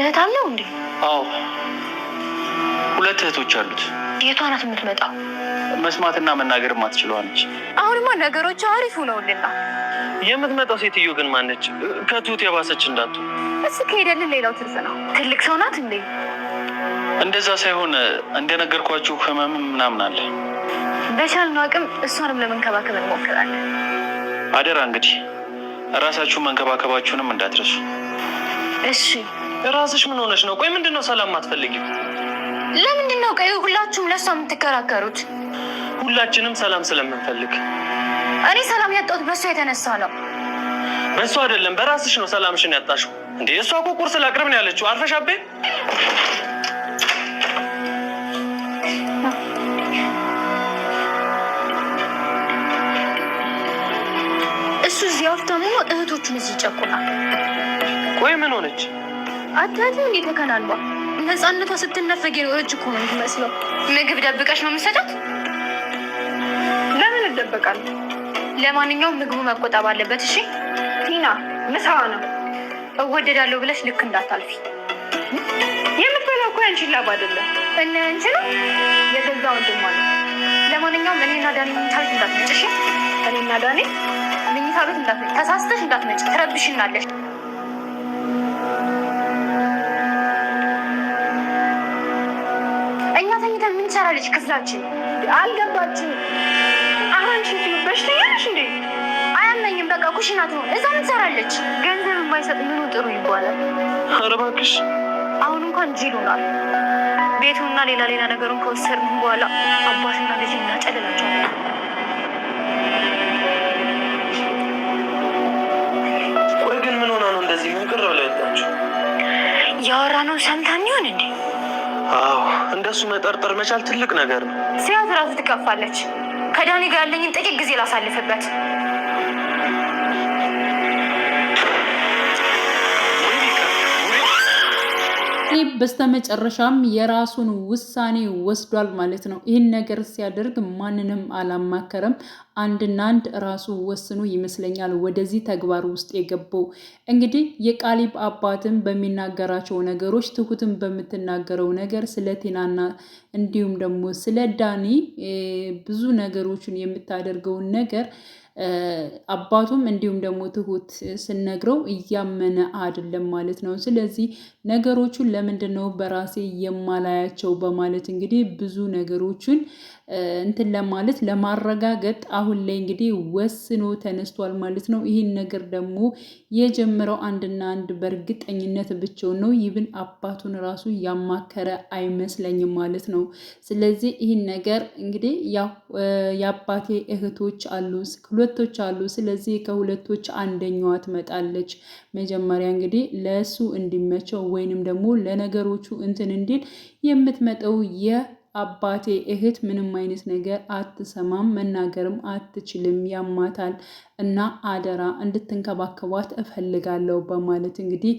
እህት አለው እንዴ? አዎ ሁለት እህቶች አሉት። የቷ ናት የምትመጣው? መስማትና መናገር ማትችለዋ ነች። አሁንማ ነገሮች አሪፍ ሆነውልና የምትመጣው ሴትዮ ግን ማነች? ከቱት የባሰች እንዳቱ እስ ከሄደልን ሌላው ትርፍ ነው። ትልቅ ሰው ናት እንዴ? እንደዛ ሳይሆን እንደነገርኳችሁ ህመምም ምናምን አለ። በቻልነው አቅም እሷንም ለመንከባከብ እንሞክራለን። አደራ እንግዲህ እራሳችሁ መንከባከባችሁንም እንዳትረሱ እሺ። ራስሽ ምን ሆነሽ ነው? ቆይ ምንድን ነው ሰላም ማትፈልጊ? ለምንድን ነው ቆይ ሁላችሁም ለእሷ የምትከራከሩት? ሁላችንም ሰላም ስለምንፈልግ። እኔ ሰላም ያጣሁት በእሷ የተነሳ ነው። በእሷ አይደለም፣ በራስሽ ነው ሰላምሽን ያጣሽው። እንዴ እሷ እኮ ቁርስ ላቅርብ ነው ያለችው። አርፈሽ አቤ እሱ እዚህ አውርታ እህቶቹን እዚህ ይጨቁናል። ቆይ ምን ሆነች? አታያትም እንዴ ተከናንባ ነፃነቷ ስትነፈግ የኖረች እኮ ነው የምትመስለው። ምግብ ደብቀሽ ነው የምትሰጣት? ለምን እደበቃለሁ? ለማንኛውም ምግቡ መቆጠብ አለበት። እሺ ቲና፣ ምሳዋ ነው። እወደዳለሁ ብለሽ ልክ እንዳታልፊ። የምትበላው እኮ ያንቺን ላብ አይደለም እና ያንቺ ነው የገዛ ወንድሟ ነው። ለማንኛውም እኔና ዳኔ መኝታ ቤት እንዳትመጭ እሺ? እኔና ዳኔ መኝታ ቤት እንዳትመጭ፣ ተሳስተሽ እንዳትመጭ፣ ትረብሽናለሽ። ትሰራለች? ክሳችን አልገባችም። አሁን ሽት በሽተኛ ነሽ እንዴ? አያመኝም። በቃ ኩሽናት ነው እዛ ምን ትሰራለች? ገንዘብ የማይሰጥ ምኑ ጥሩ ይባላል? ኧረ እባክሽ አሁን እንኳን ጅሉናል። ቤቱና ሌላ ሌላ ነገሩን ከወሰድን በኋላ አባትና ልጅ እናጨልላቸዋል። ቆይ ግን ምን ሆና ነው እንደዚህ ምንቅር ብላ ያወራ ነው ሰምታን ይሆን እንዴ? እንደሱ መጠርጠር መቻል ትልቅ ነገር ነው። ሲያት ራሱ ትከፋለች። ከዳኒ ጋር ያለኝን ጥቂት ጊዜ ላሳልፍበት ናቲ በስተመጨረሻም የራሱን ውሳኔ ወስዷል ማለት ነው። ይህን ነገር ሲያደርግ ማንንም አላማከረም። አንድና አንድ ራሱ ወስኖ ይመስለኛል ወደዚህ ተግባር ውስጥ የገባው። እንግዲህ የቃሊብ አባትን በሚናገራቸው ነገሮች፣ ትሁትን በምትናገረው ነገር ስለ ቴናና እንዲሁም ደግሞ ስለ ዳኒ ብዙ ነገሮችን የምታደርገውን ነገር አባቱም እንዲሁም ደግሞ ትሁት ስነግረው እያመነ አይደለም ማለት ነው። ስለዚህ ነገሮቹን ለምንድን ነው በራሴ የማላያቸው በማለት እንግዲህ ብዙ ነገሮችን እንትን ለማለት ለማረጋገጥ አሁን ላይ እንግዲህ ወስኖ ተነስቷል ማለት ነው። ይህን ነገር ደግሞ የጀመረው አንድና አንድ በእርግጠኝነት ብቻውን ነው። ይብን አባቱን ራሱ ያማከረ አይመስለኝም ማለት ነው። ስለዚህ ይህን ነገር እንግዲህ ያው የአባቴ እህቶች አሉ ሁለቶች አሉ። ስለዚህ ከሁለቶች አንደኛዋ ትመጣለች። መጀመሪያ እንግዲህ ለእሱ እንዲመቸው ወይንም ደግሞ ለነገሮቹ እንትን እንዲል የምትመጣው አባቴ እህት ምንም አይነት ነገር አትሰማም፣ መናገርም አትችልም፣ ያማታል እና አደራ እንድትንከባከቧት እፈልጋለሁ በማለት እንግዲህ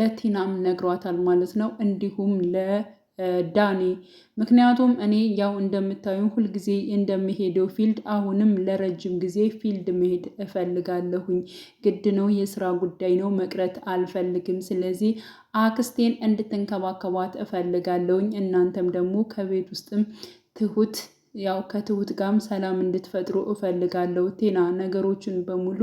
ለቲናም ነግሯታል ማለት ነው እንዲሁም ለ ዳኔ ምክንያቱም እኔ ያው እንደምታዩ ሁልጊዜ እንደምሄደው ፊልድ አሁንም ለረጅም ጊዜ ፊልድ መሄድ እፈልጋለሁኝ። ግድ ነው፣ የስራ ጉዳይ ነው፣ መቅረት አልፈልግም። ስለዚህ አክስቴን እንድትንከባከባት እፈልጋለሁኝ። እናንተም ደግሞ ከቤት ውስጥም ትሁት ያው ከትሁት ጋርም ሰላም እንድትፈጥሩ እፈልጋለሁ። ቴና ነገሮችን በሙሉ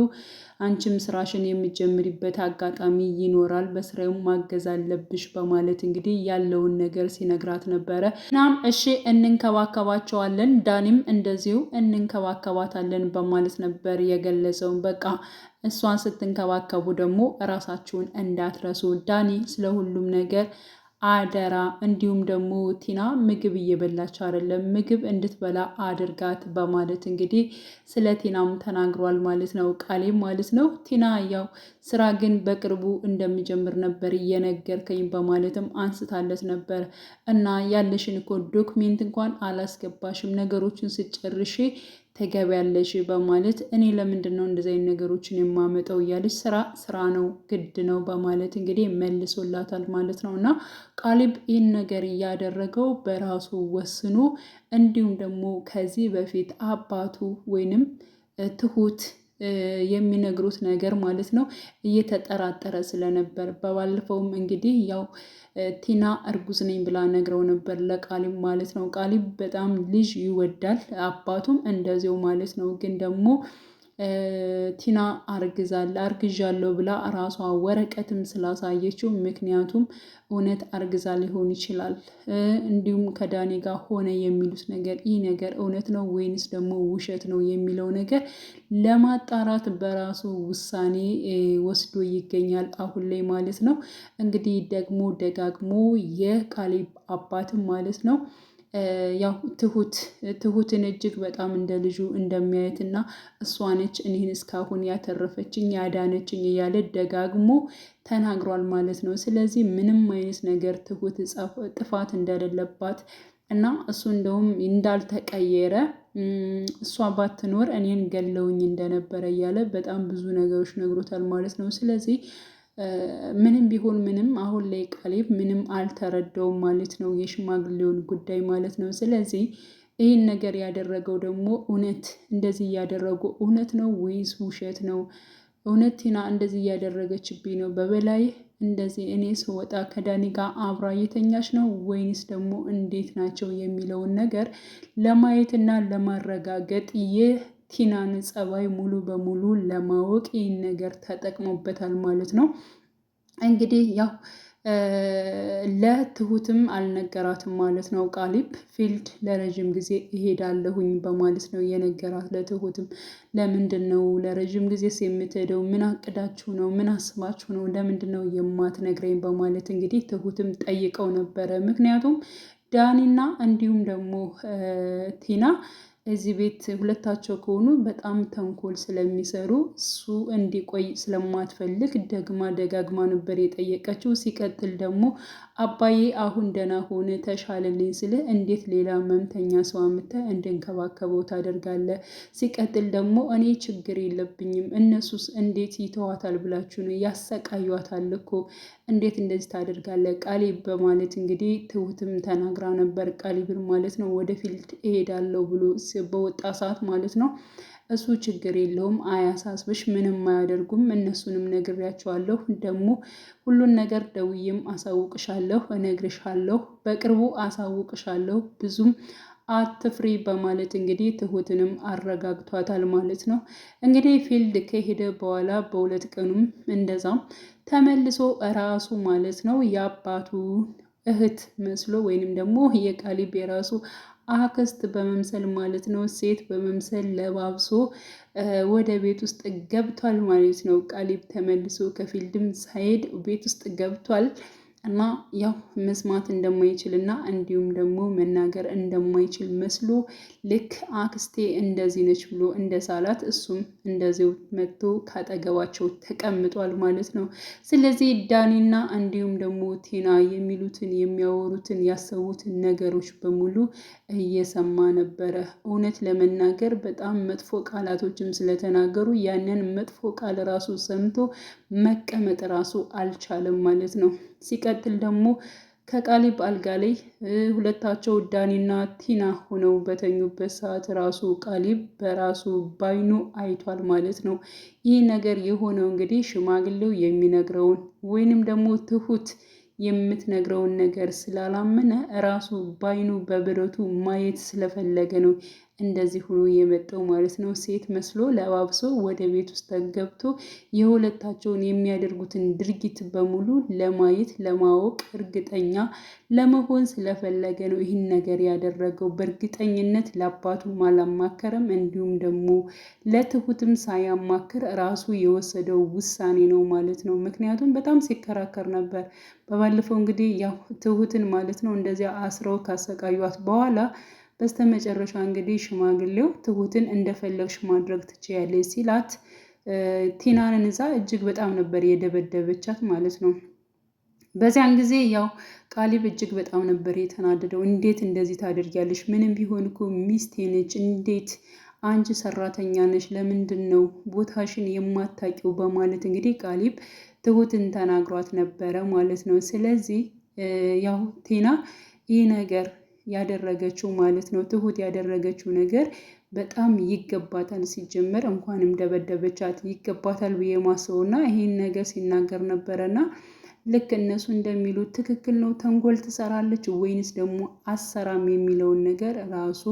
አንቺም ስራሽን የሚጀምሪበት አጋጣሚ ይኖራል፣ በስራውም ማገዝ አለብሽ በማለት እንግዲህ ያለውን ነገር ሲነግራት ነበረ። እናም እሺ እንንከባከባቸዋለን፣ ዳኒም እንደዚሁ እንንከባከባታለን በማለት ነበር የገለጸውን በቃ እሷን ስትንከባከቡ ደግሞ እራሳችሁን እንዳትረሱ ዳኒ ስለ ሁሉም ነገር አደራ እንዲሁም ደግሞ ቲና ምግብ እየበላች አይደለም፣ ምግብ እንድትበላ አድርጋት በማለት እንግዲህ ስለ ቲናም ተናግሯል ማለት ነው። ቃሌም ማለት ነው። ቲና ያው ስራ ግን በቅርቡ እንደሚጀምር ነበር እየነገርከኝ በማለትም አንስታለት ነበር እና ያለሽን እኮ ዶክሜንት እንኳን አላስገባሽም ነገሮችን ስጨርሽ ተገቢያለሽ በማለት እኔ ለምንድን ነው እንደዚህ አይነት ነገሮችን የማመጠው እያለች ስራ ስራ ነው ግድ ነው በማለት እንግዲህ መልሶላታል ማለት ነው። እና ቃሊብ ይህን ነገር እያደረገው በራሱ ወስኖ እንዲሁም ደግሞ ከዚህ በፊት አባቱ ወይንም ትሁት የሚነግሩት ነገር ማለት ነው እየተጠራጠረ ስለነበር በባለፈውም እንግዲህ ያው ቲና እርጉዝ ነኝ ብላ ነግረው ነበር ለቃሊብ ማለት ነው። ቃሊብ በጣም ልጅ ይወዳል አባቱም እንደዚው ማለት ነው ግን ደግሞ ቲና አርግዛለ አርግዣለሁ ብላ ራሷ ወረቀትም ስላሳየችው ምክንያቱም እውነት አርግዛ ሊሆን ይችላል። እንዲሁም ከዳኔ ጋር ሆነ የሚሉት ነገር ይህ ነገር እውነት ነው ወይንስ ደግሞ ውሸት ነው የሚለው ነገር ለማጣራት በራሱ ውሳኔ ወስዶ ይገኛል አሁን ላይ ማለት ነው። እንግዲህ ደግሞ ደጋግሞ የካሌብ አባትም ማለት ነው ያው ትሁት ትሁትን እጅግ በጣም እንደ ልጁ እንደሚያየት እና እሷ ነች እኔን እስካሁን ያተረፈችኝ ያዳነችኝ እያለ ደጋግሞ ተናግሯል ማለት ነው። ስለዚህ ምንም አይነት ነገር ትሁት ጥፋት እንደሌለባት እና እሱ እንደውም እንዳልተቀየረ እሷ ባትኖር እኔን ገለውኝ እንደነበረ እያለ በጣም ብዙ ነገሮች ነግሮታል ማለት ነው። ስለዚህ ምንም ቢሆን ምንም አሁን ላይ ቃሌብ ምንም አልተረዳውም ማለት ነው፣ የሽማግሌውን ጉዳይ ማለት ነው። ስለዚህ ይህን ነገር ያደረገው ደግሞ እውነት እንደዚህ እያደረጉ እውነት ነው ወይስ ውሸት ነው? እውነት ቲና እንደዚህ እያደረገችብኝ ነው በበላይ እንደዚህ እኔ ስወጣ ከዳኒ ጋር አብራ እየተኛች ነው ወይንስ ደግሞ እንዴት ናቸው የሚለውን ነገር ለማየትና ለማረጋገጥ ይህ ቲናን ጸባይ ሙሉ በሙሉ ለማወቅ ይህን ነገር ተጠቅሞበታል ማለት ነው። እንግዲህ ያው ለትሁትም አልነገራትም ማለት ነው። ቃሊብ ፊልድ ለረዥም ጊዜ እሄዳለሁኝ በማለት ነው የነገራት ለትሁትም። ለምንድን ነው ለረዥም ጊዜስ የምትሄደው? ምን አቅዳችሁ ነው? ምን አስባችሁ ነው? ለምንድን ነው የማትነግረኝ? በማለት እንግዲህ ትሁትም ጠይቀው ነበረ። ምክንያቱም ዳኒና እንዲሁም ደግሞ ቲና እዚህ ቤት ሁለታቸው ከሆኑ በጣም ተንኮል ስለሚሰሩ እሱ እንዲቆይ ስለማትፈልግ ደግማ ደጋግማ ነበር የጠየቀችው። ሲቀጥል ደግሞ አባዬ አሁን ደህና ሆነ ተሻለልኝ ስለ እንዴት ሌላ መምተኛ ሰው አምጥተህ እንድንከባከበው ታደርጋለህ? ሲቀጥል ደግሞ እኔ ችግር የለብኝም እነሱስ እንዴት ይተዋታል ብላችሁ ነው ያሰቃዩታል እኮ እንዴት እንደዚህ ታደርጋለህ? ቃሌ? በማለት እንግዲህ ትሁትም ተናግራ ነበር። ቃሊብን ማለት ነው ወደ ፊልድ እሄዳለሁ ብሎ በወጣ ሰዓት ማለት ነው። እሱ ችግር የለውም አያሳስብሽ፣ ምንም አያደርጉም። እነሱንም ነግሬያቸዋለሁ። ደግሞ ሁሉን ነገር ደውዬም አሳውቅሻለሁ፣ እነግርሻለሁ፣ በቅርቡ አሳውቅሻለሁ፣ ብዙም አትፍሪ በማለት እንግዲህ ትሁትንም አረጋግቷታል ማለት ነው። እንግዲህ ፊልድ ከሄደ በኋላ በሁለት ቀኑም እንደዛም ተመልሶ እራሱ ማለት ነው የአባቱ እህት መስሎ ወይንም ደግሞ የቃሊብ የራሱ አክስት በመምሰል ማለት ነው፣ ሴት በመምሰል ለባብሶ ወደ ቤት ውስጥ ገብቷል ማለት ነው። ቃሊብ ተመልሶ ከፊልድም ሳይሄድ ቤት ውስጥ ገብቷል። እና ያው መስማት እንደማይችል እና እንዲሁም ደግሞ መናገር እንደማይችል መስሎ ልክ አክስቴ እንደዚህ ነች ብሎ እንደ ሳላት እሱም እንደዚው መጥቶ ካጠገባቸው ተቀምጧል ማለት ነው። ስለዚህ ዳኒና እንዲሁም ደግሞ ቴና የሚሉትን የሚያወሩትን ያሰቡትን ነገሮች በሙሉ እየሰማ ነበረ። እውነት ለመናገር በጣም መጥፎ ቃላቶችም ስለተናገሩ ያንን መጥፎ ቃል ራሱ ሰምቶ መቀመጥ ራሱ አልቻለም ማለት ነው። ሲቀጥል ደግሞ ከቃሊብ አልጋ ላይ ሁለታቸው ዳኒና ቲና ሆነው በተኙበት ሰዓት ራሱ ቃሊብ በራሱ ባይኑ አይቷል ማለት ነው። ይህ ነገር የሆነው እንግዲህ ሽማግሌው የሚነግረውን ወይንም ደግሞ ትሁት የምትነግረውን ነገር ስላላመነ ራሱ ባይኑ በብረቱ ማየት ስለፈለገ ነው። እንደዚህ ሁኖ የመጣው ማለት ነው። ሴት መስሎ ለባብሶ ወደ ቤት ውስጥ ገብቶ የሁለታቸውን የሚያደርጉትን ድርጊት በሙሉ ለማየት ለማወቅ እርግጠኛ ለመሆን ስለፈለገ ነው ይህን ነገር ያደረገው። በእርግጠኝነት ለአባቱም አላማከረም፣ እንዲሁም ደግሞ ለትሁትም ሳያማክር ራሱ የወሰደው ውሳኔ ነው ማለት ነው። ምክንያቱም በጣም ሲከራከር ነበር። በባለፈው እንግዲህ ትሁትን ማለት ነው እንደዚያ አስረው ካሰቃዩት በኋላ በስተ መጨረሻ እንግዲህ ሽማግሌው ትሁትን እንደፈለግሽ ማድረግ ትችያለሽ ሲላት ቲናንን እዛ እጅግ በጣም ነበር የደበደበቻት ማለት ነው። በዚያን ጊዜ ያው ቃሊብ እጅግ በጣም ነበር የተናደደው። እንዴት እንደዚህ ታደርጊያለሽ? ምንም ቢሆን እኮ ሚስቴ ነች። እንዴት አንቺ ሰራተኛ ነች፣ ለምንድን ነው ቦታሽን የማታውቂው? በማለት እንግዲህ ቃሊብ ትሁትን ተናግሯት ነበረ ማለት ነው። ስለዚህ ያው ቲና ይህ ነገር ያደረገችው ማለት ነው። ትሁት ያደረገችው ነገር በጣም ይገባታል። ሲጀመር እንኳንም ደበደበቻት ይገባታል ብዬ ማስበውና ይሄን ነገር ሲናገር ነበረና ልክ እነሱ እንደሚሉት ትክክል ነው ተንኮል ትሰራለች ወይንስ ደግሞ አሰራም የሚለውን ነገር ራሱ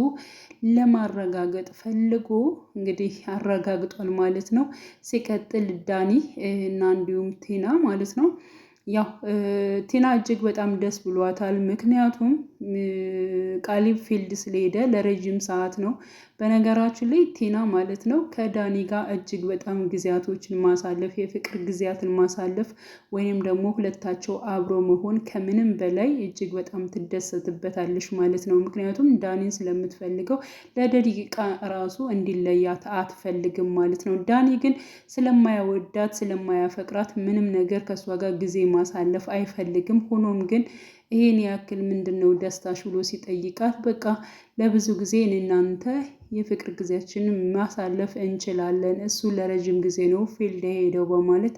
ለማረጋገጥ ፈልጎ እንግዲህ አረጋግጧል ማለት ነው። ሲቀጥል ዳኒ እና እንዲሁም ቴና ማለት ነው ያው ቲና እጅግ በጣም ደስ ብሏታል። ምክንያቱም ቃሊብ ፊልድ ስለሄደ ለረዥም ሰዓት ነው። በነገራችን ላይ ቲና ማለት ነው ከዳኒ ጋር እጅግ በጣም ጊዜያቶችን ማሳለፍ የፍቅር ጊዜያትን ማሳለፍ ወይም ደግሞ ሁለታቸው አብሮ መሆን ከምንም በላይ እጅግ በጣም ትደሰትበታለች ማለት ነው። ምክንያቱም ዳኒን ስለምትፈልገው ለደቂቃ ራሱ እንዲለያት አትፈልግም ማለት ነው። ዳኒ ግን ስለማያወዳት ስለማያፈቅራት ምንም ነገር ከእሷ ጋር ጊዜ ማሳለፍ አይፈልግም። ሆኖም ግን ይሄን ያክል ምንድን ነው ደስታሽ ብሎ ሲጠይቃት በቃ ለብዙ ጊዜ እናንተ የፍቅር ጊዜያችንን ማሳለፍ እንችላለን። እሱ ለረጅም ጊዜ ነው ፊልድ ሄደው በማለት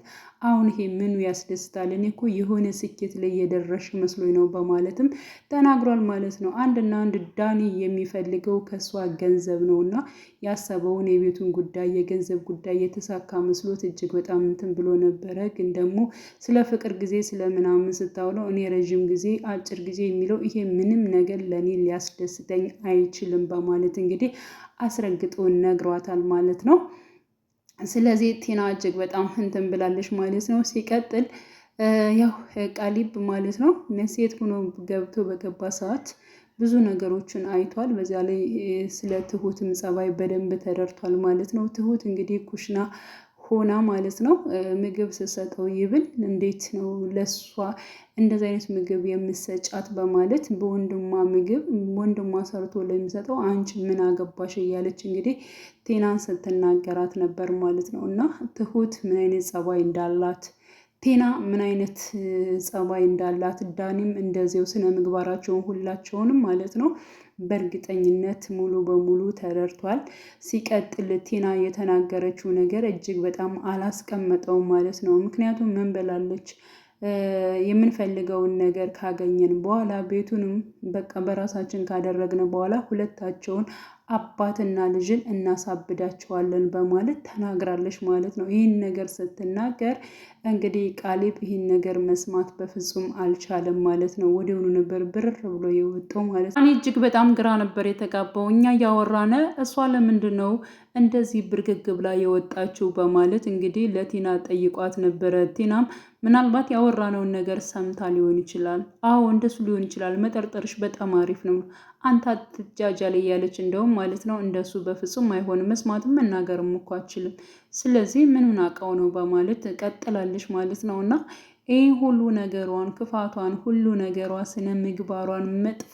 አሁን ይሄ ምኑ ያስደስታል? እኔ እኮ የሆነ ስኬት ላይ የደረሽ መስሎኝ ነው በማለትም ተናግሯል ማለት ነው። አንድና አንድ ዳኒ የሚፈልገው ከእሷ ገንዘብ ነው እና ያሰበውን የቤቱን ጉዳይ የገንዘብ ጉዳይ የተሳካ መስሎት እጅግ በጣም እንትን ብሎ ነበረ። ግን ደግሞ ስለ ፍቅር ጊዜ ስለምናምን ስታውለው እኔ ረዥም ጊዜ አጭር ጊዜ የሚለው ይሄ ምንም ነገር ለእኔ ሊያስደስተኝ አይ አይችልም በማለት እንግዲህ አስረግጦ ነግሯታል ማለት ነው። ስለዚህ ቲና እጅግ በጣም እንትን ብላለች ማለት ነው። ሲቀጥል ያው ቃሊብ ማለት ነው ሴት ሆኖ ገብቶ በገባ ሰዓት ብዙ ነገሮችን አይቷል። በዚያ ላይ ስለ ትሁትም ጸባይ በደንብ ተረድቷል ማለት ነው። ትሁት እንግዲህ ኩሽና ሆና ማለት ነው ምግብ ስሰጠው ይብል እንዴት ነው ለሷ እንደዚህ አይነት ምግብ የምሰጫት በማለት በወንድሟ ምግብ ወንድሟ ሰርቶ ለሚሰጠው አንቺ ምን አገባሽ እያለች እንግዲህ ቴናን ስትናገራት ነበር ማለት ነው። እና ትሁት ምን አይነት ጸባይ እንዳላት ቴና ምን አይነት ጸባይ እንዳላት ዳኒም እንደዚው ስነ ምግባራቸውን ሁላቸውንም ማለት ነው በእርግጠኝነት ሙሉ በሙሉ ተረድቷል። ሲቀጥል ቲና የተናገረችው ነገር እጅግ በጣም አላስቀመጠውም ማለት ነው። ምክንያቱም ምን ብላለች? የምንፈልገውን ነገር ካገኘን በኋላ ቤቱንም በቃ በራሳችን ካደረግን በኋላ ሁለታቸውን አባትና ልጅን እናሳብዳቸዋለን በማለት ተናግራለች ማለት ነው። ይህን ነገር ስትናገር እንግዲህ ቃሊብ ይህን ነገር መስማት በፍጹም አልቻለም ማለት ነው። ወዲያውኑ ነበር ብርር ብሎ የወጣው ማለት ነው። እጅግ በጣም ግራ ነበር የተጋባው። እኛ እያወራነ እሷ ለምንድን ነው እንደዚህ ብርግግ ብላ የወጣችው በማለት እንግዲህ ለቲና ጠይቋት ነበረ። ቲናም ምናልባት ያወራነውን ነገር ሰምታ ሊሆን ይችላል። አዎ እንደሱ ሊሆን ይችላል። መጠርጠርሽ በጣም አሪፍ ነው። አንተ አትጃጃል እያለች እንደውም ማለት ነው እንደሱ በፍጹም አይሆንም፣ መስማትም መናገርም እኮ አችልም፣ ስለዚህ ምኑን አውቃው ነው በማለት ቀጥላለች ማለት ነው እና ይህ ሁሉ ነገሯን ክፋቷን ሁሉ ነገሯ ስነ ምግባሯን መጥፎ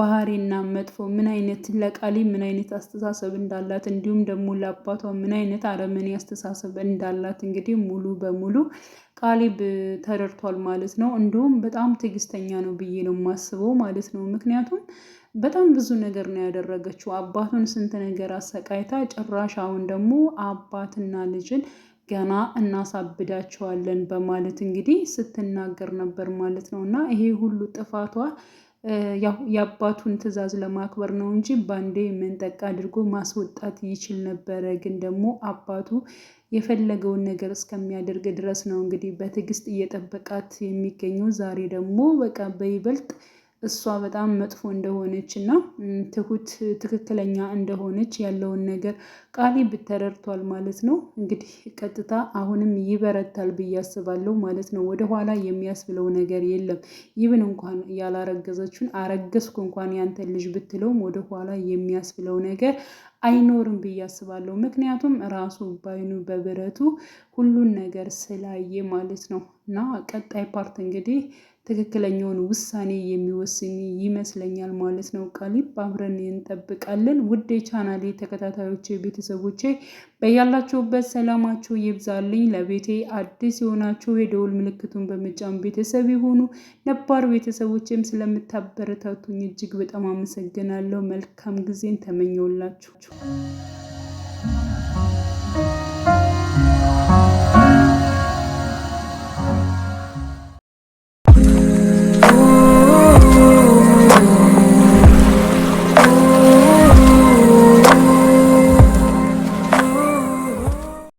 ባህሪና መጥፎ ምን አይነት ለቃሊ ምን አይነት አስተሳሰብ እንዳላት እንዲሁም ደግሞ ለአባቷ ምን አይነት አረመኔ አስተሳሰብ እንዳላት እንግዲህ ሙሉ በሙሉ ቃሊብ ተረድቷል ማለት ነው። እንዲሁም በጣም ትዕግስተኛ ነው ብዬ ነው የማስበው ማለት ነው ምክንያቱም በጣም ብዙ ነገር ነው ያደረገችው። አባቱን ስንት ነገር አሰቃይታ፣ ጭራሽ አሁን ደግሞ አባትና ልጅን ገና እናሳብዳቸዋለን በማለት እንግዲህ ስትናገር ነበር ማለት ነው። እና ይሄ ሁሉ ጥፋቷ የአባቱን ትዕዛዝ ለማክበር ነው እንጂ ባንዴ መንጠቅ አድርጎ ማስወጣት ይችል ነበረ። ግን ደግሞ አባቱ የፈለገውን ነገር እስከሚያደርግ ድረስ ነው እንግዲህ በትዕግስት እየጠበቃት የሚገኘው። ዛሬ ደግሞ በቃ በይበልጥ እሷ በጣም መጥፎ እንደሆነች እና ትሁት ትክክለኛ እንደሆነች ያለውን ነገር ቃሊብ ተረድቷል ማለት ነው። እንግዲህ ቀጥታ አሁንም ይበረታል ብዬ አስባለሁ ማለት ነው። ወደኋላ የሚያስብለው ነገር የለም። ይብን እንኳን ያላረገዘችን አረገዝኩ እንኳን ያንተ ልጅ ብትለውም ወደኋላ የሚያስብለው ነገር አይኖርም ብዬ አስባለሁ። ምክንያቱም ራሱ ባይኑ በብረቱ ሁሉን ነገር ስላየ ማለት ነው። እና ቀጣይ ፓርት እንግዲህ ትክክለኛውን ውሳኔ የሚወስን ይመስለኛል ማለት ነው። ቃሊብ አብረን እንጠብቃለን። ውድ የቻናሌ ተከታታዮች ቤተሰቦቼ በያላችሁበት ሰላማችሁ ይብዛልኝ። ለቤቴ አዲስ የሆናችሁ የደውል ምልክቱን በመጫን ቤተሰብ የሆኑ ነባር ቤተሰቦችም ስለምታበረታቱኝ እጅግ በጣም አመሰግናለሁ። መልካም ጊዜን ተመኘውላችሁ።